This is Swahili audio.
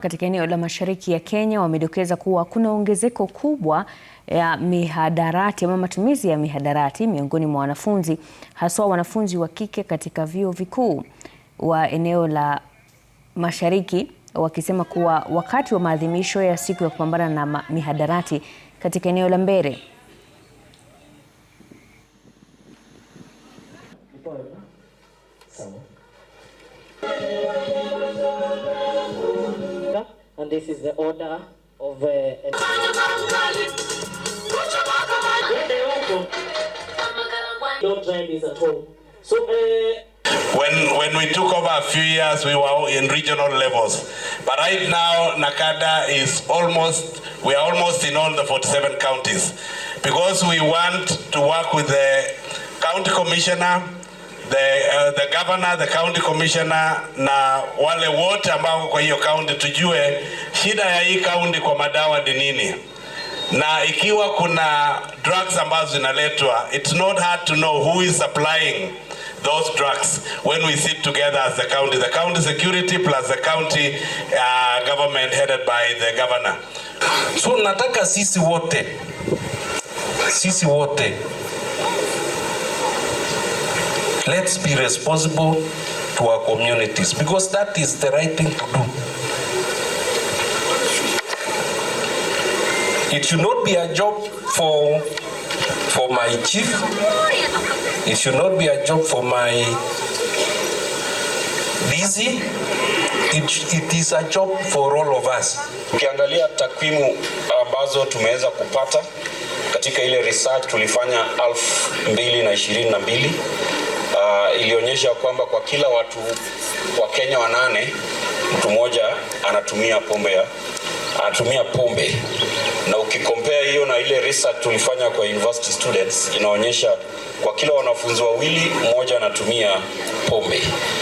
Katika eneo la mashariki ya Kenya wamedokeza kuwa kuna ongezeko kubwa ya mihadarati ama matumizi ya mihadarati miongoni mwa wanafunzi haswa wanafunzi wa kike katika vyuo vikuu wa eneo la mashariki, wakisema kuwa wakati wa maadhimisho ya siku ya kupambana na mihadarati katika eneo la Mbere this is the order of uh, don't try this at home so uh, when, when we took over a few years, we were in regional levels. But right now, Nakada is almost, we are almost in all the 47 counties. Because we want to work with the county commissioner, the, uh, the governor, the county commissioner na wale wote ambao kwa hiyo county, tujue shida ya hii county kwa madawa ni nini, na ikiwa kuna drugs ambazo zinaletwa, it's not hard to know who is supplying those drugs when we sit together as the county the county security plus the county uh, government headed by the governor. So nataka sisi wote sisi wote Let's be responsible to our communities because that is the right thing to do. It should not be a job for for my chief. It should not be a job for my busy. It, it is a job for all of us. Ukiangalia takwimu ambazo tumeweza kupata katika ile research tulifanya 2022 uh, ilionyesha kwamba kwa kila watu wa Kenya wanane mtu mmoja anatumia pombe ya anatumia pombe, na ukikompea hiyo na ile research tulifanya kwa university students, inaonyesha kwa kila wanafunzi wawili mmoja anatumia pombe.